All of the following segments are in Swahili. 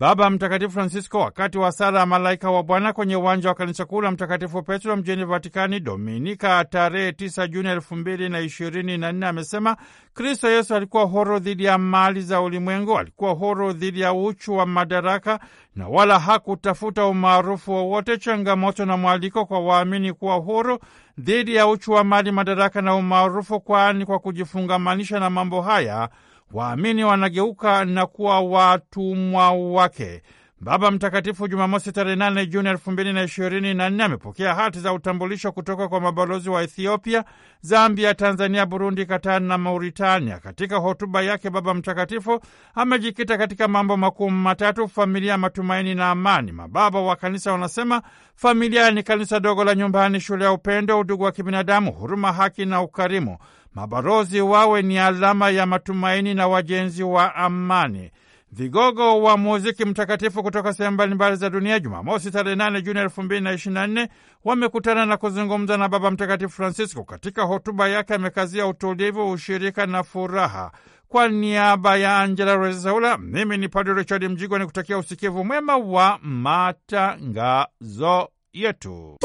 Baba Mtakatifu Francisco wakati wa sala ya malaika wa Bwana kwenye uwanja wa kanisa kuu la Mtakatifu Petro mjini Vatikani Dominika tarehe 9 Juni elfu mbili na ishirini na nne amesema Kristo Yesu alikuwa horo dhidi ya mali za ulimwengu, alikuwa horo dhidi ya uchu wa madaraka na wala hakutafuta umaarufu wowote. Changamoto na mwaliko kwa waamini kuwa huru dhidi ya uchu wa mali, madaraka na umaarufu, kwani kwa kujifungamanisha na mambo haya waamini wanageuka na kuwa watumwa wake. Baba Mtakatifu Jumamosi tarehe nane Juni elfu mbili na ishirini na nne amepokea hati za utambulisho kutoka kwa mabalozi wa Ethiopia, Zambia, Tanzania, Burundi, Katani na Mauritania. Katika hotuba yake, Baba Mtakatifu amejikita katika mambo makuu matatu: familia, matumaini na amani. Mababa wa Kanisa wanasema familia ni kanisa dogo la nyumbani, shule ya upendo, udugu wa kibinadamu, huruma, haki na ukarimu. Mabalozi wawe ni alama ya matumaini na wajenzi wa amani vigogo wa muziki mtakatifu kutoka sehemu mbalimbali za dunia Jumamosi tarehe 8 Juni nne wamekutana na kuzungumza na Baba Mtakatifu Francisco. Katika hotuba yake amekazia utulivu, ushirika na furaha. Kwa niaba ya Angela Rezaula, mimi ni Padre Richard Mjigwa ni kutakia usikivu mwema wa matangazo yetu.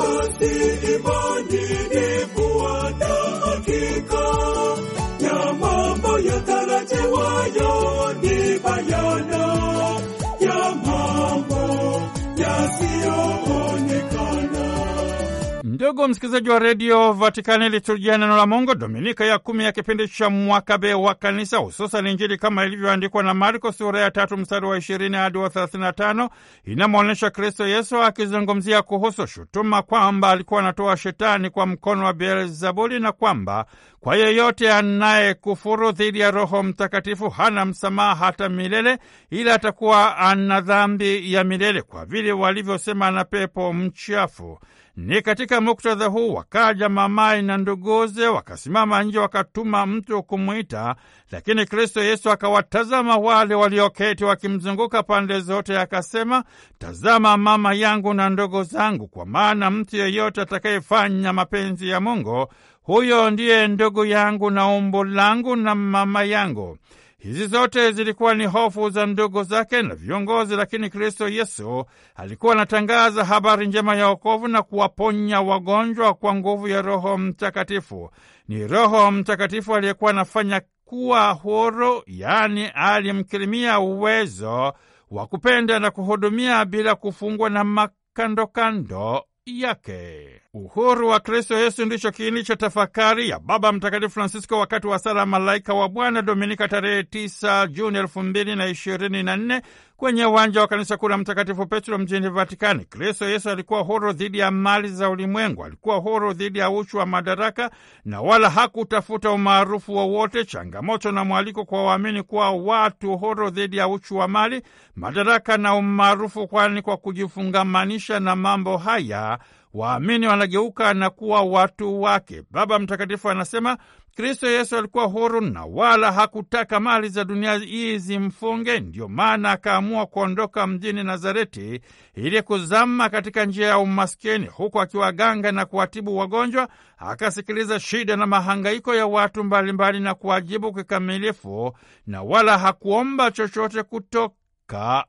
Ndugu msikilizaji wa redio Vatikani, liturujia neno la Mungu, dominika ya kumi ya kipindi cha mwaka be wa Kanisa, hususan Injili kama ilivyoandikwa na Marko sura ya tatu mstari wa ishirini hadi wa thelathini na tano inamwonyesha Kristo Yesu akizungumzia kuhusu shutuma kwamba alikuwa anatoa shetani kwa mkono wa Beelzebuli na kwamba kwa yeyote anayekufuru dhidi ya Roho Mtakatifu hana msamaha hata milele, ila atakuwa ana dhambi ya milele, kwa vile walivyosema na pepo mchafu. Ni katika muktadha huu wakaja mamaye na nduguze, wakasimama nje, wakatuma mtu kumwita, lakini Kristo Yesu akawatazama wale walioketi wakimzunguka pande zote, akasema, tazama mama yangu na ndugu zangu, kwa maana mtu yeyote atakayefanya mapenzi ya Mungu, huyo ndiye ndugu yangu na umbu langu na mama yangu. Hizi zote zilikuwa ni hofu za ndugu zake na viongozi, lakini Kristo Yesu alikuwa anatangaza habari njema ya wokovu na kuwaponya wagonjwa kwa nguvu ya Roho Mtakatifu. Ni Roho Mtakatifu aliyekuwa anafanya kuwa huru, yaani alimkirimia uwezo wa kupenda na kuhudumia bila kufungwa na makandokando yake. Uhuru wa Kristo Yesu ndicho kiini cha tafakari ya Baba Mtakatifu Francisco wakati wa sala Malaika wa Bwana, Dominika tarehe 9 Juni 224 na kwenye uwanja wa kanisa kuu la Mtakatifu Petro mjini Vatikani. Kristo Yesu alikuwa huru dhidi ya mali za ulimwengu, alikuwa huru dhidi ya uchu wa madaraka na wala hakutafuta umaarufu wowote. Changamoto na mwaliko kwa waamini kuwa watu huru dhidi ya uchu wa mali, madaraka na umaarufu, kwani kwa kujifungamanisha na mambo haya waamini wanageuka na kuwa watu wake. Baba Mtakatifu anasema Kristo Yesu alikuwa huru na wala hakutaka mali za dunia hii zimfunge. Ndiyo maana akaamua kuondoka mjini Nazareti ili kuzama katika njia ya umaskini, huku akiwaganga na kuwatibu wagonjwa, akasikiliza shida na mahangaiko ya watu mbalimbali mbali na kuwajibu kikamilifu, na wala hakuomba chochote kutoka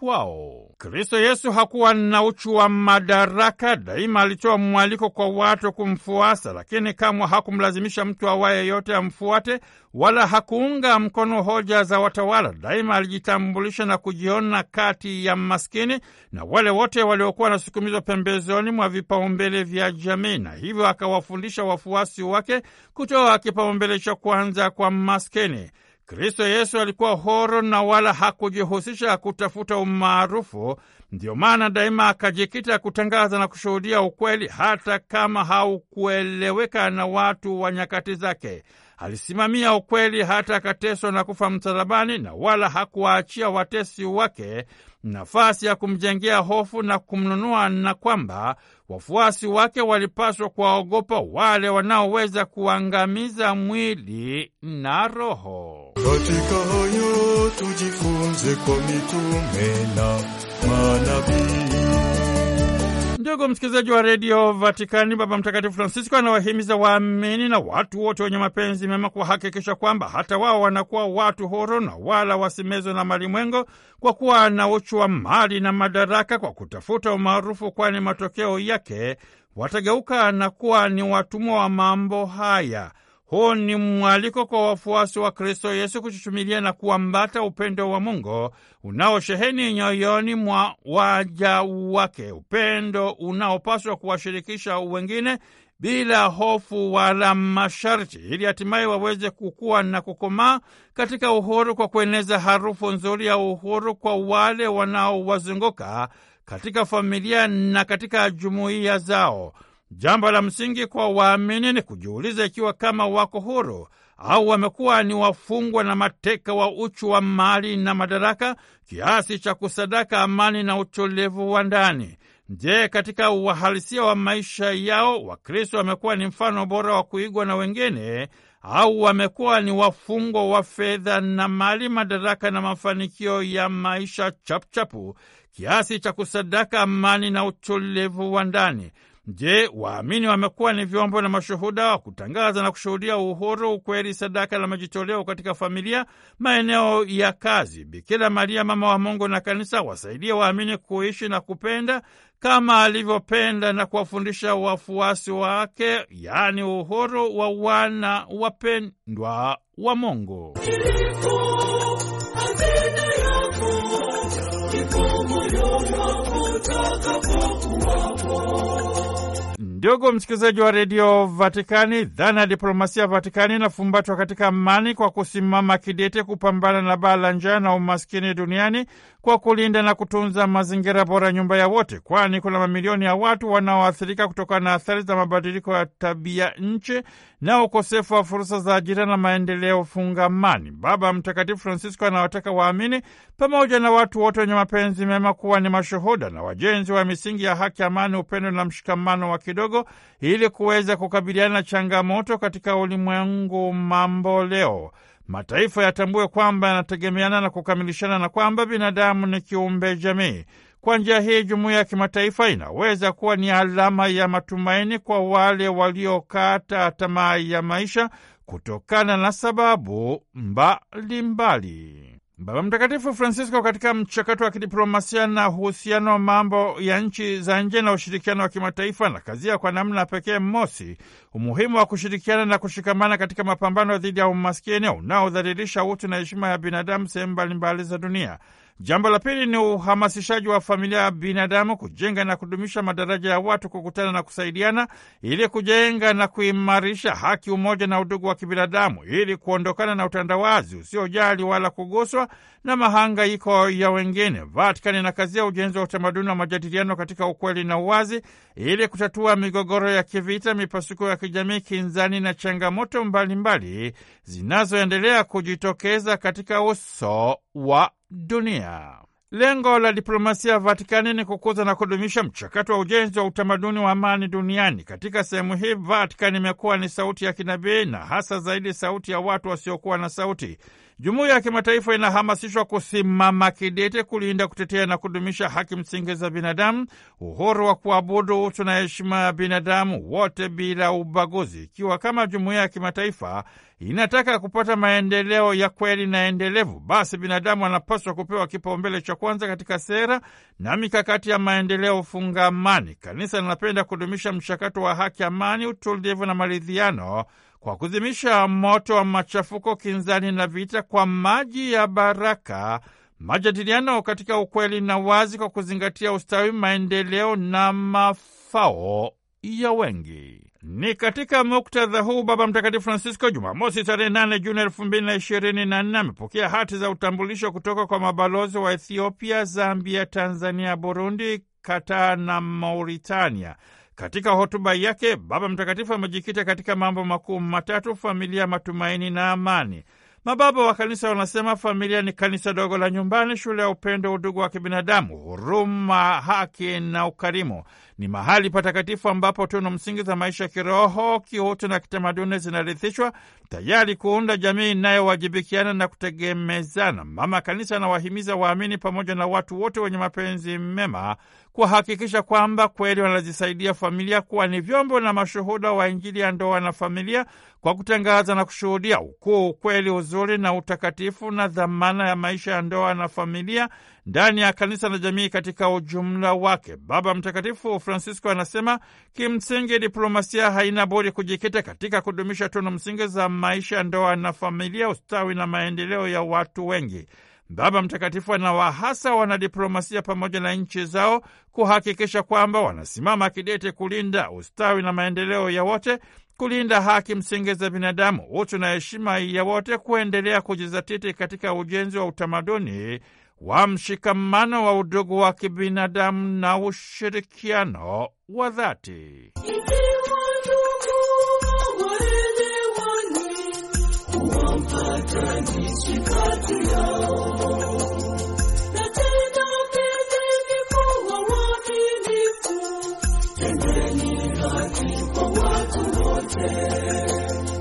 kwao. Kristo Yesu hakuwa na uchu wa madaraka. Daima alitoa mwaliko kwa watu kumfuasa, lakini kamwe hakumlazimisha mtu awaye yote amfuate, wala hakuunga mkono hoja za watawala. Daima alijitambulisha na kujiona kati ya maskini na wale wote waliokuwa wanasukumizwa pembezoni mwa vipaumbele vya jamii, na hivyo akawafundisha wafuasi wake kutoa kipaumbele cha kwanza kwa maskini. Kristo Yesu alikuwa horo na wala hakujihusisha kutafuta umaarufu. Ndiyo maana daima akajikita kutangaza na kushuhudia ukweli, hata kama haukueleweka na watu wa nyakati zake. Alisimamia ukweli hata akateswa na kufa msalabani, na wala hakuwaachia watesi wake nafasi ya kumjengea hofu na kumnunua, na kwamba wafuasi wake walipaswa kuwaogopa wale wanaoweza kuangamiza mwili na roho. Katika hayo tujifunze kwa mitume na manabii Ndugu msikilizaji wa redio Vatikani, Baba Mtakatifu Francisco anawahimiza waamini na watu wote wenye mapenzi mema kuwahakikisha kwamba hata wao wanakuwa watu huru na wala wasimezwe na malimwengo, kwa kuwa anauchwa mali na madaraka kwa kutafuta umaarufu, kwani matokeo yake watageuka na kuwa ni watumwa wa mambo haya. Huu ni mwaliko kwa wafuasi wa Kristo Yesu kuchuchumilia na kuambata upendo wa Mungu unaosheheni nyoyoni mwa waja wake, upendo unaopaswa kuwashirikisha wengine bila hofu wala masharti, ili hatimaye waweze kukua na kukomaa katika uhuru kwa kueneza harufu nzuri ya uhuru kwa wale wanaowazunguka katika familia na katika jumuiya zao. Jambo la msingi kwa waamini ni kujiuliza ikiwa kama wako huru au wamekuwa ni wafungwa na mateka wa uchu wa mali na madaraka, kiasi cha kusadaka amani na utulivu wa ndani. Je, katika uhalisia wa maisha yao Wakristo wamekuwa ni mfano bora wa kuigwa na wengine au wamekuwa ni wafungwa wa fedha na mali, madaraka na mafanikio ya maisha chapuchapu kiasi cha kusadaka amani na utulivu wa ndani? Je, waamini wamekuwa ni vyombo na mashuhuda wa kutangaza na kushuhudia uhuru, ukweli, sadaka na majitoleo katika familia, maeneo ya kazi? Bikira Maria mama wa Mungu na kanisa wasaidie waamini kuishi na kupenda kama alivyopenda na kuwafundisha wafuasi wake, yaani uhuru wa wana wapendwa wa Mungu. Ndugu msikilizaji wa redio Vatikani, dhana ya diplomasia Vatikani inafumbatwa katika amani kwa kusimama kidete kupambana na baa la njaa na umaskini duniani kwa kulinda na kutunza mazingira bora, nyumba ya wote, kwani kuna mamilioni ya watu wanaoathirika kutokana na athari za mabadiliko ya tabia nchi na ukosefu wa fursa za ajira na maendeleo fungamani. Baba Mtakatifu Francisco anawataka waamini pamoja na watu wote wenye mapenzi mema kuwa ni mashuhuda na wajenzi wa misingi ya haki, amani, upendo na mshikamano wa kidogo ili kuweza kukabiliana na changamoto katika ulimwengu mambo leo mataifa yatambue kwamba yanategemeana na kukamilishana na kwamba binadamu ni kiumbe jamii. Kwa njia hii, jumuiya ya kimataifa inaweza kuwa ni alama ya matumaini kwa wale waliokata tamaa ya maisha kutokana na sababu mbalimbali mbali. Baba Mtakatifu Francisco katika mchakato wa kidiplomasia na uhusiano wa mambo ya nchi za nje na ushirikiano wa kimataifa na kazia kwa namna pekee, mosi, umuhimu wa kushirikiana na kushikamana katika mapambano dhidi ya umaskini unaodhalilisha utu na heshima ya binadamu sehemu mbalimbali za dunia. Jambo la pili ni uhamasishaji wa familia ya binadamu kujenga na kudumisha madaraja ya watu kukutana na kusaidiana ili kujenga na kuimarisha haki, umoja na udugu wa kibinadamu ili kuondokana na utandawazi usiojali wala kuguswa na mahangaiko ya wengine. Vatikani inakazia ujenzi wa utamaduni wa majadiliano katika ukweli na uwazi ili kutatua migogoro ya kivita, mipasuko ya kijamii, kinzani na changamoto mbalimbali zinazoendelea kujitokeza katika uso wa dunia. Lengo la diplomasia ya Vatikani ni kukuza na kudumisha mchakato wa ujenzi wa utamaduni wa amani duniani. Katika sehemu hii, Vatikani imekuwa ni sauti ya kinabii na hasa zaidi sauti ya watu wasiokuwa na sauti. Jumuiya ya kimataifa inahamasishwa kusimama kidete kulinda, kutetea na kudumisha haki msingi za binadamu, uhuru wa kuabudu, utu na heshima ya binadamu wote bila ubaguzi, ikiwa kama jumuiya ya kimataifa inataka kupata maendeleo ya kweli na endelevu, basi binadamu anapaswa kupewa kipaumbele cha kwanza katika sera na mikakati ya maendeleo fungamani. Kanisa linapenda kudumisha mchakato wa haki, amani, utulivu na maridhiano kwa kuzimisha moto wa machafuko, kinzani na vita, kwa maji ya baraka, majadiliano katika ukweli na wazi, kwa kuzingatia ustawi, maendeleo na mafao ya wengi. Ni katika muktadha huu Baba Mtakatifu Francisco Jumamosi tarehe 8 Juni nne amepokea hati za utambulisho kutoka kwa mabalozi wa Ethiopia, Zambia, Tanzania, Burundi, Kataa na Mauritania. Katika hotuba yake, Baba Mtakatifu amejikita katika mambo makuu matatu: familia, matumaini na amani. Mababa wa kanisa wanasema familia ni kanisa dogo la nyumbani, shule ya upendo, udugu wa kibinadamu, huruma, haki na ukarimu. Ni mahali patakatifu ambapo tunu msingi za maisha ya kiroho, kiutu na kitamaduni zinarithishwa, tayari kuunda jamii inayowajibikiana na kutegemezana. Mama Kanisa anawahimiza waamini pamoja na watu wote wenye mapenzi mema kuhakikisha kwamba kweli wanazisaidia familia kuwa ni vyombo na mashuhuda wa Injili ya ndoa na familia kwa kutangaza na kushuhudia ukuu, ukweli, uzuri na utakatifu na dhamana ya maisha ya ndoa na familia ndani ya kanisa na jamii katika ujumla wake. Baba Mtakatifu Francisco anasema kimsingi diplomasia haina budi kujikita katika kudumisha tunu msingi za maisha, ya ndoa na familia, ustawi na maendeleo ya watu wengi. Baba Mtakatifu anawahasa wanadiplomasia pamoja na nchi zao kuhakikisha kwamba wanasimama kidete kulinda ustawi na maendeleo ya wote, kulinda haki msingi za binadamu, utu na heshima ya wote, kuendelea kujizatiti katika ujenzi wa utamaduni wa mshikamano wa udugu wa kibinadamu na ushirikiano wa dhati.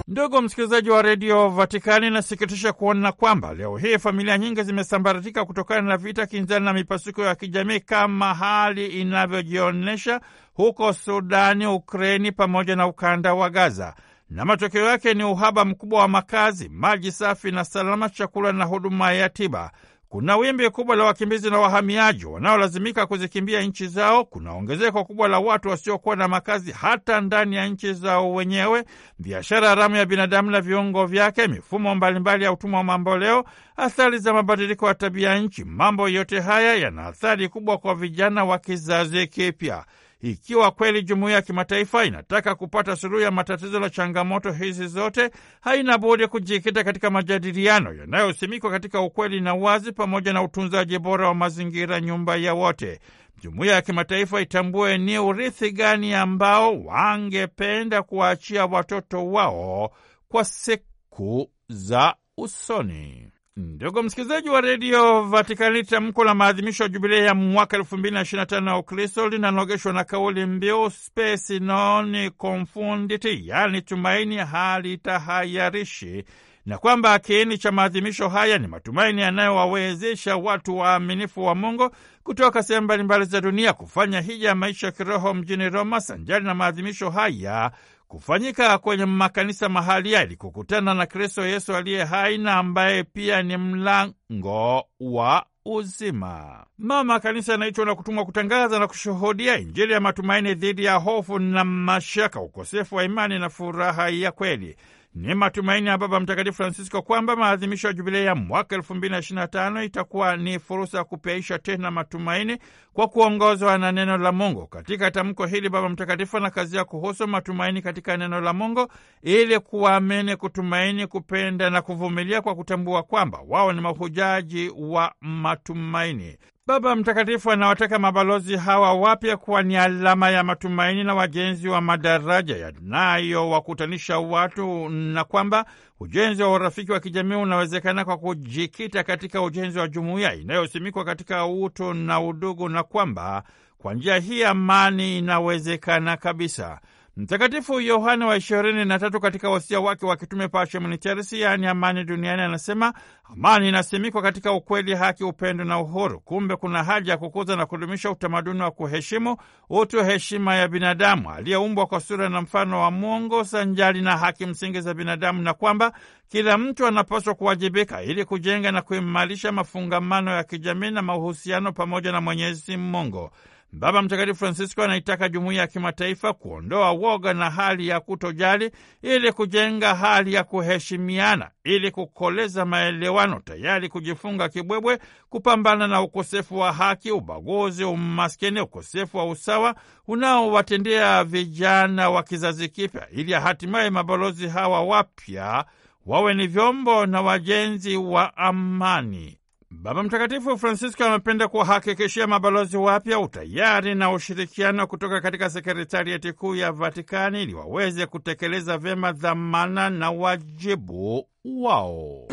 Ndugu msikilizaji wa redio Vatikani, inasikitisha kuona kwamba leo hii familia nyingi zimesambaratika kutokana na vita, kinzani na mipasuko ya kijamii kama hali inavyojionyesha huko Sudani, Ukraini pamoja na ukanda wa Gaza, na matokeo yake ni uhaba mkubwa wa makazi, maji safi na salama, chakula na huduma ya tiba. Kuna wimbi kubwa la wakimbizi na wahamiaji wanaolazimika kuzikimbia nchi zao. Kuna ongezeko kubwa la watu wasiokuwa na makazi hata ndani ya nchi zao wenyewe, biashara haramu ya binadamu na viungo vyake, mifumo mbalimbali ya utumwa wa mamboleo, athari za mabadiliko ya tabia nchi. Mambo yote haya yana athari kubwa kwa vijana wa kizazi kipya. Ikiwa kweli jumuiya ya kimataifa inataka kupata suluhu ya matatizo na changamoto hizi zote, haina budi kujikita katika majadiliano yanayosimikwa katika ukweli na wazi, pamoja na utunzaji bora wa mazingira, nyumba ya wote. Jumuiya ya kimataifa itambue ni urithi gani ambao wangependa kuwaachia watoto wao kwa siku za usoni. Ndugu msikilizaji wa redio Vatikani, tamko la maadhimisho ya jubilei ya mwaka elfu mbili na ishirini na tano ya Ukristo linanogeshwa na kauli mbiu spes non confundit, yaani tumaini halitahayarishi, na kwamba kiini cha maadhimisho haya ni matumaini yanayowawezesha watu waaminifu wa Mungu kutoka sehemu mbalimbali za dunia kufanya hija ya maisha ya kiroho mjini Roma, sanjari na maadhimisho haya kufanyika kwenye makanisa mahali yali kukutana na Kristo Yesu aliye hai na ambaye pia ni mlango wa uzima. Mama Kanisa anaitwa na kutumwa kutangaza na kushuhudia Injili ya matumaini dhidi ya hofu na mashaka, ukosefu wa imani na furaha ya kweli. Ni matumaini ya Baba Mtakatifu Francisco kwamba maadhimisho ya jubilei ya mwaka elfu mbili na ishirini na tano itakuwa ni fursa ya kupiaisha tena matumaini kwa kuongozwa na neno la Mungu. Katika tamko hili, Baba Mtakatifu anakazia kuhusu matumaini katika neno la Mungu ili kuwaamini, kutumaini, kupenda na kuvumilia kwa kutambua kwamba wao ni mahujaji wa matumaini. Baba Mtakatifu anawataka mabalozi hawa wapya kuwa ni alama ya matumaini na wajenzi wa madaraja yanayowakutanisha watu na kwamba ujenzi wa urafiki wa kijamii unawezekana kwa kujikita katika ujenzi wa jumuiya inayosimikwa katika utu na udugu na kwamba kwa njia hii amani inawezekana kabisa. Mtakatifu Yohane wa ishirini na tatu katika wasia wake wa kitume Pacem in Terris, yaani amani duniani, anasema amani inasimikwa katika ukweli, haki, upendo na uhuru. Kumbe kuna haja ya kukuza na kudumisha utamaduni wa kuheshimu utu, heshima ya binadamu aliyeumbwa kwa sura na mfano wa Mungu, sanjali na haki msingi za binadamu, na kwamba kila mtu anapaswa kuwajibika ili kujenga na kuimarisha mafungamano ya kijamii na mahusiano pamoja na Mwenyezi Mungu. Baba Mtakatifu Francisco anaitaka jumuiya ya kimataifa kuondoa woga na hali ya kutojali ili kujenga hali ya kuheshimiana ili kukoleza maelewano, tayari kujifunga kibwebwe kupambana na ukosefu wa haki, ubaguzi, umaskini, ukosefu wa usawa unaowatendea vijana wa kizazi kipya, ili hatimaye mabalozi hawa wapya wawe ni vyombo na wajenzi wa amani. Baba Mtakatifu Francisco amependa kuwahakikishia mabalozi wapya utayari na ushirikiano kutoka katika sekretarieti kuu ya Vatikani ili waweze kutekeleza vyema dhamana na wajibu wao.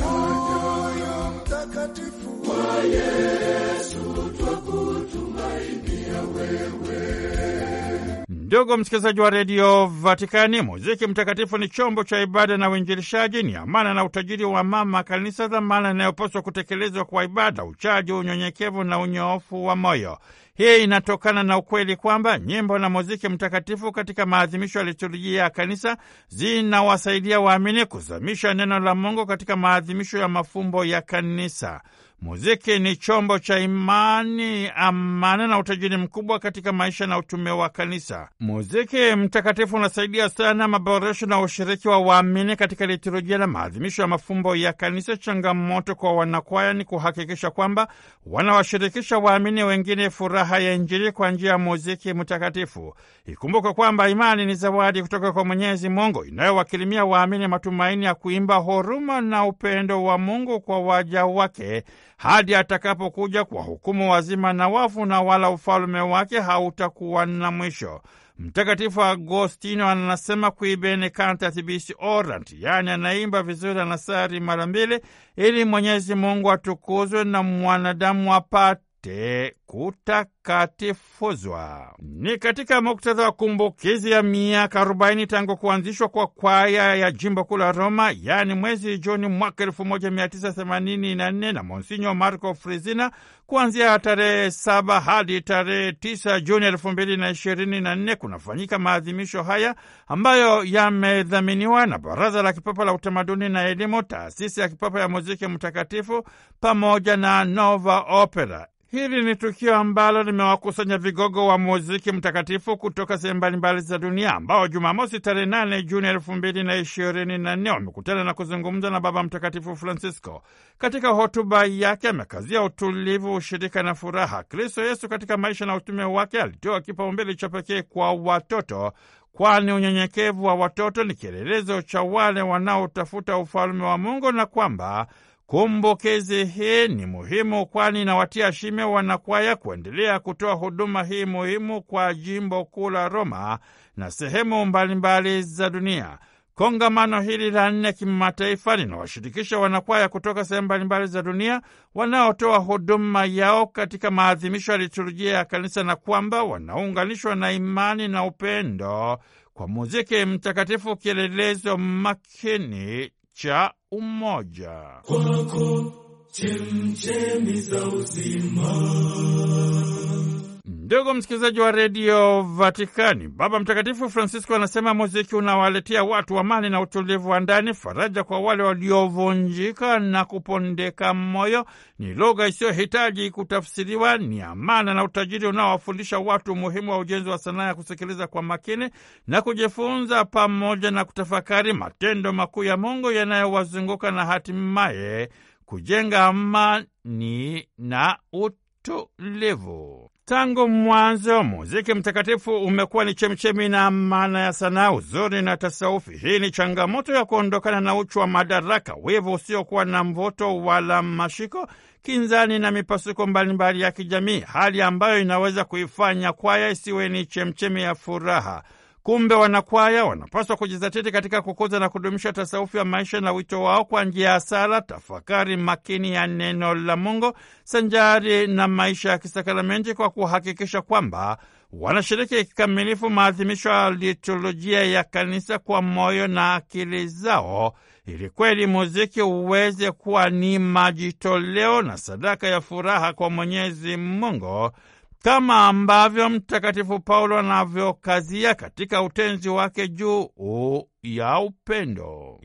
Ndugu msikilizaji wa redio Vatikani, muziki mtakatifu ni chombo cha ibada na uinjilishaji, ni amana na utajiri wa mama kanisa, dhamana inayopaswa kutekelezwa kwa ibada, uchaji, unyenyekevu na unyoofu wa moyo. Hii inatokana na ukweli kwamba nyimbo na muziki mtakatifu katika maadhimisho ya liturujia ya kanisa zinawasaidia waamini kuzamisha neno la Mungu katika maadhimisho ya mafumbo ya kanisa. Muziki ni chombo cha imani, amana na utajiri mkubwa katika maisha na utume wa kanisa. Muziki mtakatifu unasaidia sana maboresho na ushiriki wa waamini katika liturujia na maadhimisho ya mafumbo ya kanisa. Changamoto kwa wanakwaya ni kuhakikisha kwamba wanawashirikisha waamini wengine furaha ya Injili kwa njia ya muziki mtakatifu. Ikumbuke kwamba imani ni zawadi kutoka kwa Mwenyezi Mungu inayowakilimia waamini matumaini ya kuimba huruma na upendo wa Mungu kwa waja wake hadi atakapokuja kuwahukumu wazima na wafu, na wala ufalume wake hautakuwa na mwisho. Mtakatifu Agostino anasema kuibeni cantata bis orant, yaani anaimba vizuri, anasari mara mbili, ili Mwenyezi Mungu atukuzwe na mwanadamu apate kote kutakatifuzwa. Ni katika muktadha wa kumbukizi ya miaka 40 tangu kuanzishwa kwa kwaya ya jimbo kuu la Roma, yaani mwezi Juni mwaka 1984 na Monsinyo Marco Frizina kuanzia tarehe 7 hadi tarehe 9 Juni 2024 kunafanyika maadhimisho haya ambayo yamedhaminiwa na Baraza la Kipapa la Utamaduni na Elimu, Taasisi ya Kipapa ya Muziki Mtakatifu pamoja na Nova Opera. Hili ni tukio ambalo limewakusanya vigogo wa muziki mtakatifu kutoka sehemu mbalimbali za dunia ambao Jumamosi tarehe 8 Juni elfu mbili na ishirini na nne wamekutana na kuzungumza na Baba Mtakatifu Francisco. Katika hotuba yake amekazia utulivu, ushirika na furaha. Kristo Yesu katika maisha na utume wake alitoa kipaumbele cha pekee kwa watoto, kwani unyenyekevu wa watoto ni kielelezo cha wale wanaotafuta ufalme wa Mungu na kwamba Kumbukizi hii ni muhimu, kwani inawatia shime wanakwaya kuendelea kutoa huduma hii muhimu kwa jimbo kuu la Roma na sehemu mbalimbali za dunia. Kongamano hili la nne kimataifa linawashirikisha wanakwaya kutoka sehemu mbalimbali za dunia wanaotoa huduma yao katika maadhimisho ya liturujia ya Kanisa, na kwamba wanaunganishwa na imani na upendo kwa muziki mtakatifu, kielelezo makini cha umoja. Kwako chemchemi za uzima Ndugu msikilizaji wa redio Vatikani, Baba Mtakatifu Francisco anasema muziki unawaletea watu amani na utulivu wa ndani, faraja kwa wale waliovunjika na kupondeka moyo. Ni lugha isiyohitaji kutafsiriwa, ni amana na utajiri unaowafundisha watu umuhimu wa ujenzi wa sanaa ya kusikiliza kwa makini na kujifunza, pamoja na kutafakari matendo makuu ya Mungu yanayowazunguka na hatimaye kujenga amani na utulivu. Tangu mwanzo muziki mtakatifu umekuwa ni chemchemi na maana ya sanaa, uzuri na tasaufi. Hii ni changamoto ya kuondokana na uchu wa madaraka, wivu usiokuwa na mvuto wala mashiko, kinzani na mipasuko mbalimbali ya kijamii, hali ambayo inaweza kuifanya kwaya isiwe ni chemchemi ya furaha. Kumbe wanakwaya wanapaswa kujizatiti katika kukuza na kudumisha tasaufi ya maisha na wito wao kwa njia ya sala, tafakari makini ya neno la Mungu sanjari na maisha ya kisakramenti kwa kuhakikisha kwamba wanashiriki kikamilifu maadhimisho ya liturujia ya kanisa kwa moyo na akili zao, ili kweli muziki uweze kuwa ni majitoleo na sadaka ya furaha kwa Mwenyezi Mungu kama ambavyo Mtakatifu Paulo anavyokazia katika utenzi wake juu ya upendo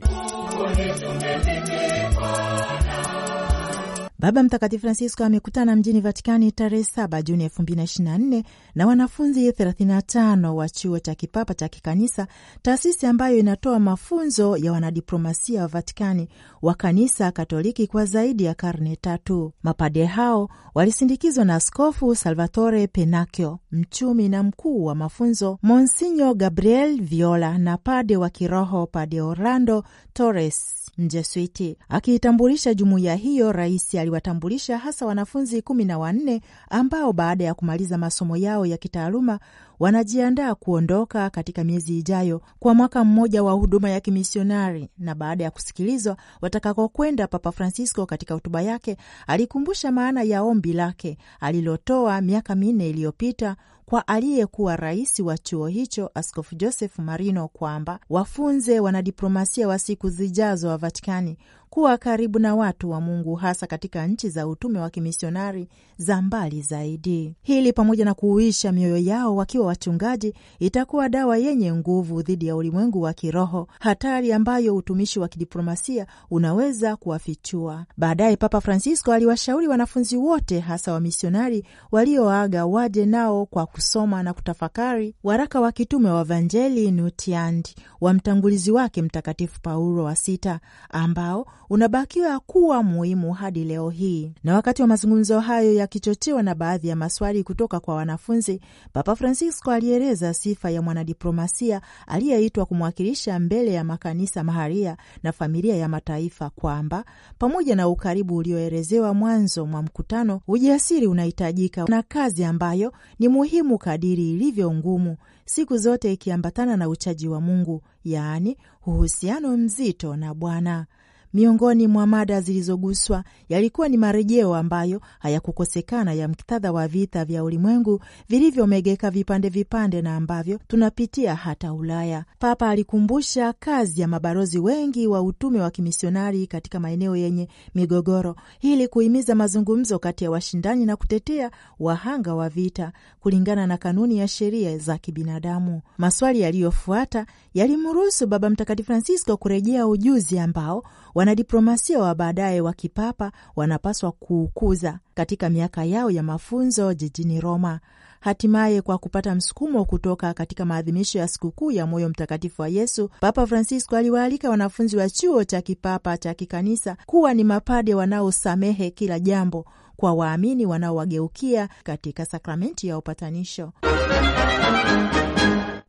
Baba Mtakatifu Francisco amekutana mjini Vatikani tarehe 7 Juni 2024 na wanafunzi 35 wa chuo cha kipapa cha kikanisa, taasisi ambayo inatoa mafunzo ya wanadiplomasia wa Vatikani wa kanisa Katoliki kwa zaidi ya karne tatu. Mapade hao walisindikizwa na Askofu Salvatore Penacchio, mchumi na mkuu wa mafunzo Monsinyo Gabriel Viola na pade wa kiroho Pade Orlando Torres Mjeswiti akiitambulisha jumuiya hiyo, rais aliwatambulisha hasa wanafunzi kumi na wanne ambao baada ya kumaliza masomo yao ya kitaaluma wanajiandaa kuondoka katika miezi ijayo kwa mwaka mmoja wa huduma ya kimisionari, na baada ya kusikilizwa watakakokwenda, Papa Francisco katika hotuba yake alikumbusha maana ya ombi lake alilotoa miaka minne iliyopita kwa aliyekuwa rais wa chuo hicho Askofu Joseph Marino kwamba wafunze wanadiplomasia wa siku zijazo wa Vatikani kuwa karibu na watu wa Mungu, hasa katika nchi za utume wa kimisionari za mbali zaidi. Hili pamoja na kuuisha mioyo yao wakiwa wachungaji, itakuwa dawa yenye nguvu dhidi ya ulimwengu wa kiroho, hatari ambayo utumishi wa kidiplomasia unaweza kuwafichua. Baadaye Papa Francisco aliwashauri wanafunzi wote, hasa wamisionari walioaga, waje nao kwa kusoma na kutafakari waraka wa kitume wa Evangelii Nuntiandi wa mtangulizi wake Mtakatifu Paulo wa Sita ambao unabakiwa kuwa muhimu hadi leo hii. Na wakati wa mazungumzo hayo yakichochewa na baadhi ya maswali kutoka kwa wanafunzi, Papa Francisco alieleza sifa ya mwanadiplomasia aliyeitwa kumwakilisha mbele ya makanisa maharia na familia ya mataifa, kwamba pamoja na ukaribu ulioelezewa mwanzo mwa mkutano, ujasiri unahitajika na kazi ambayo ni muhimu kadiri ilivyo ngumu, siku zote ikiambatana na uchaji wa Mungu, yaani uhusiano mzito na Bwana. Miongoni mwa mada zilizoguswa yalikuwa ni marejeo ambayo hayakukosekana ya mktadha wa vita vya ulimwengu vilivyomegeka vipande vipande na ambavyo tunapitia hata Ulaya. Papa alikumbusha kazi ya mabalozi wengi wa utume wa kimisionari katika maeneo yenye migogoro ili kuhimiza mazungumzo kati ya washindani na kutetea wahanga wa vita kulingana na kanuni ya sheria za kibinadamu. Maswali yaliyofuata yalimruhusu Baba Mtakatifu Francisco kurejea ujuzi ambao Wanadiplomasia wa baadaye wa kipapa wanapaswa kuukuza katika miaka yao ya mafunzo jijini Roma. Hatimaye, kwa kupata msukumo kutoka katika maadhimisho ya sikukuu ya moyo mtakatifu wa Yesu, Papa Francisco aliwaalika wanafunzi wa chuo cha kipapa cha kikanisa kuwa ni mapade wanaosamehe kila jambo kwa waamini wanaowageukia katika sakramenti ya upatanisho.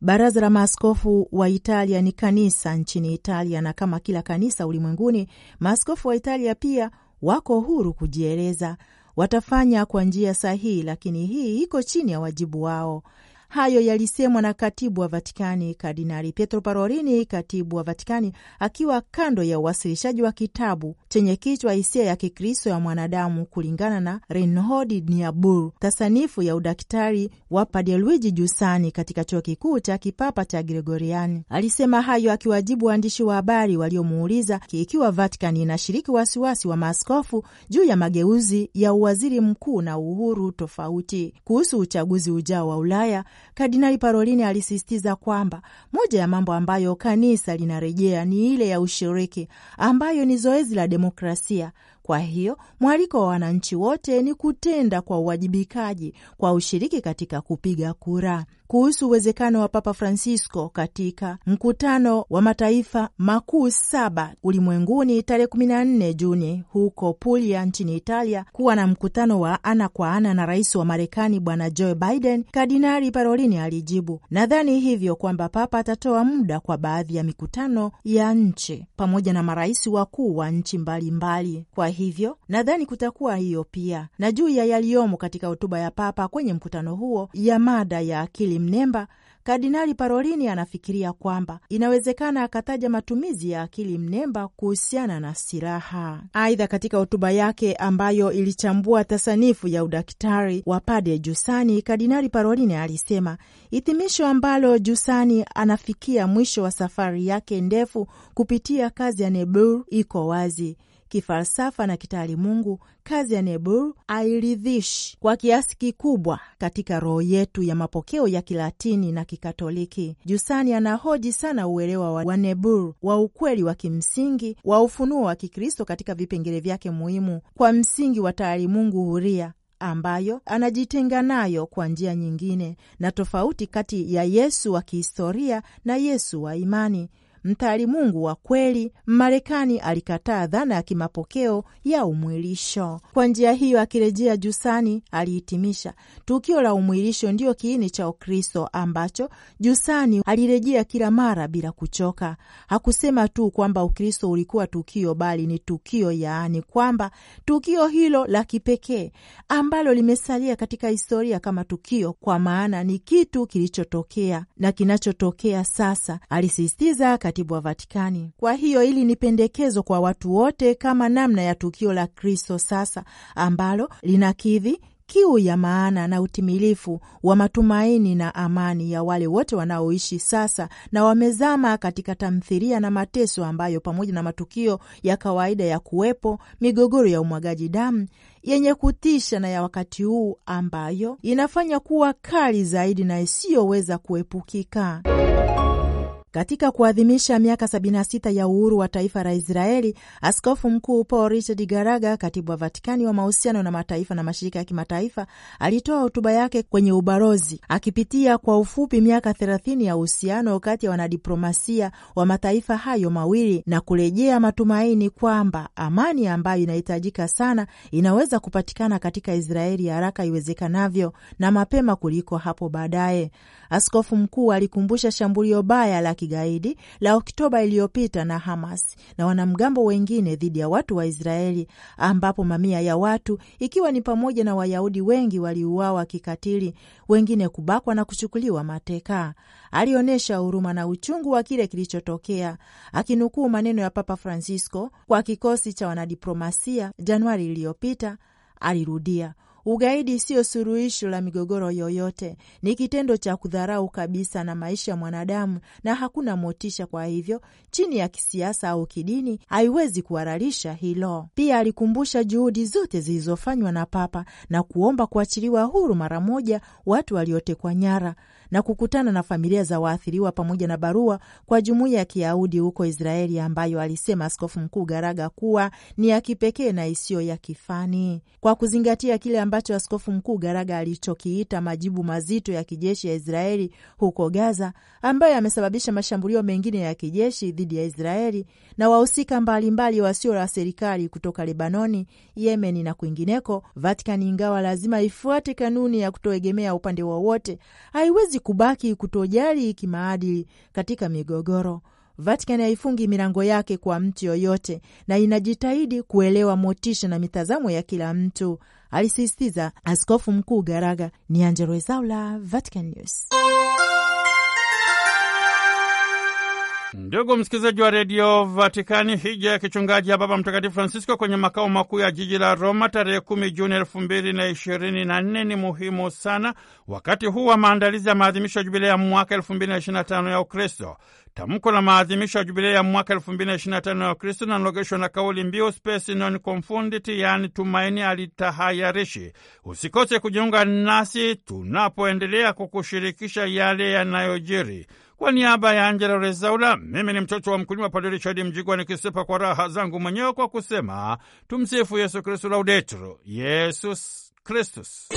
Baraza la maaskofu wa Italia ni kanisa nchini Italia, na kama kila kanisa ulimwenguni, maaskofu wa Italia pia wako huru kujieleza. Watafanya kwa njia sahihi, lakini hii iko chini ya wajibu wao. Hayo yalisemwa na katibu wa Vatikani Kardinali Pietro Parolini, katibu wa Vatikani, akiwa kando ya uwasilishaji wa kitabu chenye kichwa Hisia ya Kikristo ya Mwanadamu kulingana na Reinhold Niebuhr, tasanifu ya udaktari wa Padre Luigi Giussani katika chuo kikuu cha kipapa cha Gregoriani. Alisema hayo akiwajibu waandishi wa habari waliomuuliza ikiwa Vatikani inashiriki wasiwasi wa maaskofu juu ya mageuzi ya uwaziri mkuu na uhuru tofauti kuhusu uchaguzi ujao wa Ulaya Kardinali Parolini alisisitiza kwamba moja ya mambo ambayo kanisa linarejea ni ile ya ushiriki, ambayo ni zoezi la demokrasia kwa hiyo mwaliko wa wananchi wote ni kutenda kwa uwajibikaji kwa ushiriki katika kupiga kura. Kuhusu uwezekano wa Papa Francisco katika mkutano wa mataifa makuu saba ulimwenguni tarehe 14 Juni huko Puglia nchini Italia kuwa na mkutano wa ana kwa ana na rais wa Marekani Bwana Joe Biden, Kardinali Parolini alijibu, nadhani hivyo kwamba Papa atatoa muda kwa baadhi ya mikutano ya nchi pamoja na marais wakuu wa nchi mbalimbali mbali. Kwa hivyo nadhani kutakuwa hiyo pia na juu ya yaliyomo katika hotuba ya Papa kwenye mkutano huo ya mada ya akili mnemba. Kardinali Parolini anafikiria kwamba inawezekana akataja matumizi ya akili mnemba kuhusiana na silaha. Aidha, katika hotuba yake ambayo ilichambua tasanifu ya udaktari wa Padre Jusani, Kardinali Parolini alisema hitimisho ambalo Jusani anafikia mwisho wa safari yake ndefu kupitia kazi ya Nebur iko wazi kifalsafa na kitaalimungu, kazi ya Niebuhr airidhishi kwa kiasi kikubwa katika roho yetu ya mapokeo ya Kilatini na Kikatoliki. Jusani anahoji sana uelewa wa Niebuhr wa ukweli wa kimsingi wa ufunuo wa Kikristo katika vipengele vyake muhimu, kwa msingi wa taalimungu huria ambayo anajitenga nayo kwa njia nyingine na tofauti kati ya Yesu wa kihistoria na Yesu wa imani mtaali Mungu wa kweli, Marekani alikataa dhana ya kimapokeo ya umwilisho. Kwa njia hiyo, akirejea Jusani alihitimisha, tukio la umwilisho ndiyo kiini cha Ukristo ambacho Jusani alirejea kila mara bila kuchoka. Hakusema tu kwamba Ukristo ulikuwa tukio, bali ni tukio, yaani kwamba tukio hilo la kipekee ambalo limesalia katika historia kama tukio, kwa maana ni kitu kilichotokea na kinachotokea sasa, alisisitiza utaratibu wa Vatikani. Kwa hiyo hili ni pendekezo kwa watu wote kama namna ya tukio la Kristo sasa ambalo linakidhi kiu ya maana na utimilifu wa matumaini na amani ya wale wote wanaoishi sasa na wamezama katika tamthilia na mateso ambayo, pamoja na matukio ya kawaida ya kuwepo migogoro ya umwagaji damu yenye kutisha na ya wakati huu, ambayo inafanya kuwa kali zaidi na isiyoweza kuepukika. Katika kuadhimisha miaka 76 ya uhuru wa taifa la Israeli, askofu mkuu Paul Richard Garaga, katibu wa Vatikani wa mahusiano na mataifa na mashirika ya kimataifa, alitoa hotuba yake kwenye ubalozi, akipitia kwa ufupi miaka 30 ya uhusiano kati ya wanadiplomasia wa mataifa hayo mawili na kurejea matumaini kwamba amani ambayo inahitajika sana inaweza kupatikana katika Israeli haraka iwezekanavyo na mapema kuliko hapo baadaye. Askofu mkuu alikumbusha shambulio baya la kigaidi la Oktoba iliyopita na Hamas na wanamgambo wengine dhidi ya watu wa Israeli, ambapo mamia ya watu ikiwa ni pamoja na Wayahudi wengi waliuawa kikatili, wengine kubakwa na kuchukuliwa mateka. Alionyesha huruma na uchungu wa kile kilichotokea, akinukuu maneno ya Papa Francisco kwa kikosi cha wanadiplomasia Januari iliyopita, alirudia Ugaidi siyo suluhisho la migogoro yoyote, ni kitendo cha kudharau kabisa na maisha ya mwanadamu, na hakuna motisha. Kwa hivyo, chini ya kisiasa au kidini haiwezi kuhalalisha hilo. Pia alikumbusha juhudi zote zilizofanywa na Papa na kuomba kuachiliwa huru mara moja watu waliotekwa nyara na kukutana na familia za waathiriwa pamoja na barua kwa jumuiya ya Kiyahudi huko Israeli, ambayo alisema Askofu Mkuu Garaga kuwa ni ya kipekee na isiyo ya kifani, kwa kuzingatia kile ambacho Askofu Mkuu Garaga alichokiita majibu mazito ya kijeshi ya Israeli huko Gaza, ambayo yamesababisha mashambulio mengine ya kijeshi dhidi ya Israeli na wahusika mbalimbali wasio la serikali kutoka Lebanoni, Yemeni na kwingineko. Vatikani, ingawa lazima ifuate kanuni ya kutoegemea upande wowote, haiwezi kubaki kutojali kimaadili katika migogoro. Vatican haifungi milango yake kwa mtu yoyote na inajitahidi kuelewa motisha na mitazamo ya kila mtu, alisisitiza Askofu Mkuu Garaga. Ni Angelo Ezaula, Vatican News. Ndugu msikilizaji wa redio Vatikani, hija ya kichungaji ya Baba Mtakatifu Francisco kwenye makao makuu ya jiji la Roma tarehe kumi Juni elfu mbili na ishirini na nne ni muhimu sana wakati huu wa maandalizi ya maadhimisho ya jubilei ya mwaka elfu mbili na ishirini na tano ya Ukristo. Tamko la maadhimisho ya jubilei ya mwaka elfu mbili na ishirini na tano ya Ukristo linalogeshwa na kauli mbiu Spes non confundit, yaani tumaini alitahayarishi. Usikose kujiunga nasi tunapoendelea kukushirikisha yale yanayojiri. Kwa niaba ya Angela Rezaula, mimi ni mtoto wa mkulima Padre Richard Mjigwa, nikisepa kwa raha zangu mwenyewe kwa kusema tumsifu Yesu Kristu, laudetur Yesus Kristus.